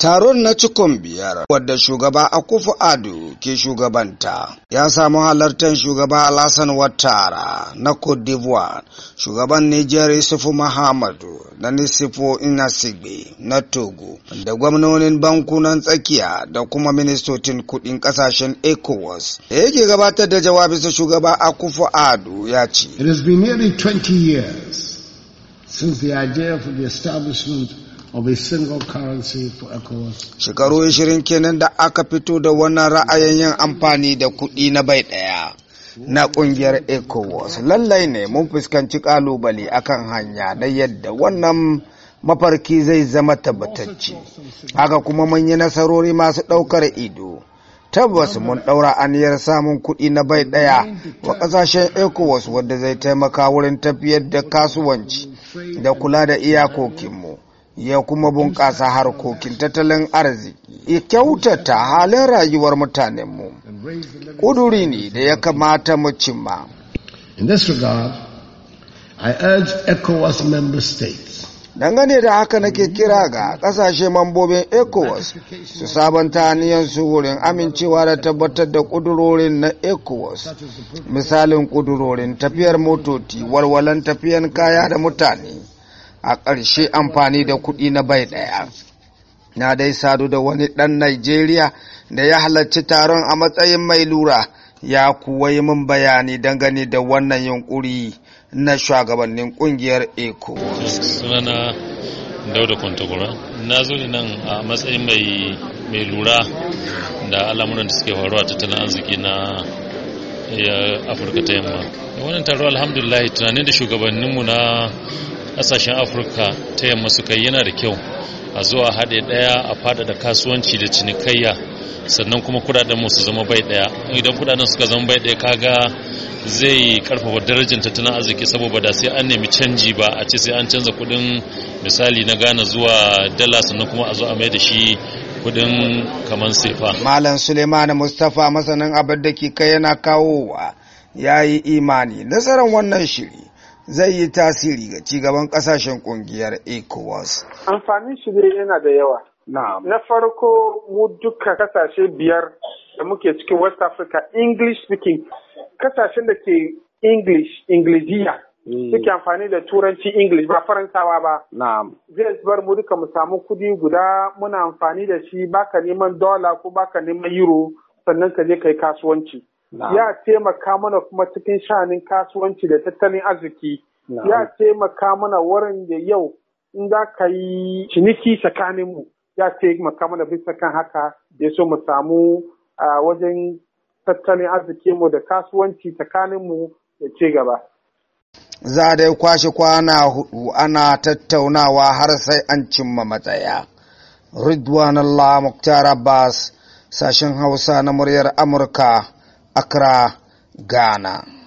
Taron na cikon biyar wadda shugaba Akufu Ado ke shugabanta ya samu halartar shugaba Alasan Watara na Cote d'Ivoire, shugaban Nijar Isufu Muhammadu na Nisifo Inasigbe na Togo da gwamnonin bankunan tsakiya da kuma ministocin kudin kasashen ECOWAS. Da yake gabatar da jawabinsa shugaba Akufu Ado ya ce. It has been nearly 20 years since the idea for the establishment Shekaru 20 kenan da aka fito da wannan ra'ayin yin amfani da kuɗi na bai ɗaya na ƙungiyar ECOWAS. Lallai ne mun fuskanci ƙalubale akan hanya na yadda wannan mafarki zai zama tabbatacce. Haka kuma mun yi nasarori masu ɗaukar ido. tabbas mun ɗaura aniyar samun kuɗi na bai ɗaya wa ƙasashen ecowas wadda zai taimaka wurin tafiyar da kasuwanci da kula da iyakokin ya kuma bunƙasa harkokin tattalin arziki ya kyautata halin rayuwar mutanenmu ƙuduri ne da ya kamata mu cimma in this dangane da haka nake kira ga ƙasashe mambobin ecowas su sabanta su wurin amincewa da tabbatar da ƙudurorin na ecowas misalin ƙudurorin, tafiyar motoci walwalan tafiyan kaya da mutane a ƙarshe amfani da kuɗi na bai ɗaya na dai sadu da wani ɗan Najeriya da ya halarci taron a matsayin mai lura ya kuwa yi min bayani dangane da wannan yunkuri na shugabannin ƙungiyar Eko. dauda kwantagura na zo ne nan a matsayin mai lura da al'amuran da suke faruwa tattalin arziki na eh, afirka ta yamma wannan taro alhamdulillah tunanin da shugabanninmu na kasashen afirka ta yamma suka yi yana da kyau a zuwa haɗe ɗaya a faɗaɗa kasuwanci da cinikayya sannan kuma kudaden mu su zama bai ɗaya idan kudaden suka zama bai ɗaya kaga zai karfafa darajar tattalin arziki saboda da sai an nemi canji ba a ce sai an canza kudin misali na Ghana zuwa dala sannan kuma a zo a mai da shi kudin kamar sefa malam suleiman mustapha masanin abin da ke kai yana kawowa ya yi imani nasarar wannan shiri zai yi tasiri ga cigaban kasashen kungiyar ECOWAS. Amfanin shi ne yana da yawa. Na farko mu duka kasashe biyar da muke cikin West Africa English speaking kasashen da ke English, Ingilijiya. Mm. Suke amfani da turanci English ba Faransawa ba. Zai bar mu duka mu samu kudi guda muna amfani da shi baka neman dola ko baka neman euro sannan ka je kai kasuwanci. ya taimaka mana kuma cikin sha'anin kasuwanci da tattalin arziki ya taimaka mana wurin da yau in za ka yi ciniki tsakaninmu ya taimaka mana bisa kan haka ya so mu samu a wajen tattalin arzikinmu da kasuwanci tsakaninmu ya ce gaba. Za dai kwashe kwana hudu ana tattaunawa har sai an cimma matsaya. Ridwan Allah Muktar Abbas, sashen Hausa na muryar Amurka. Accra, Ghana.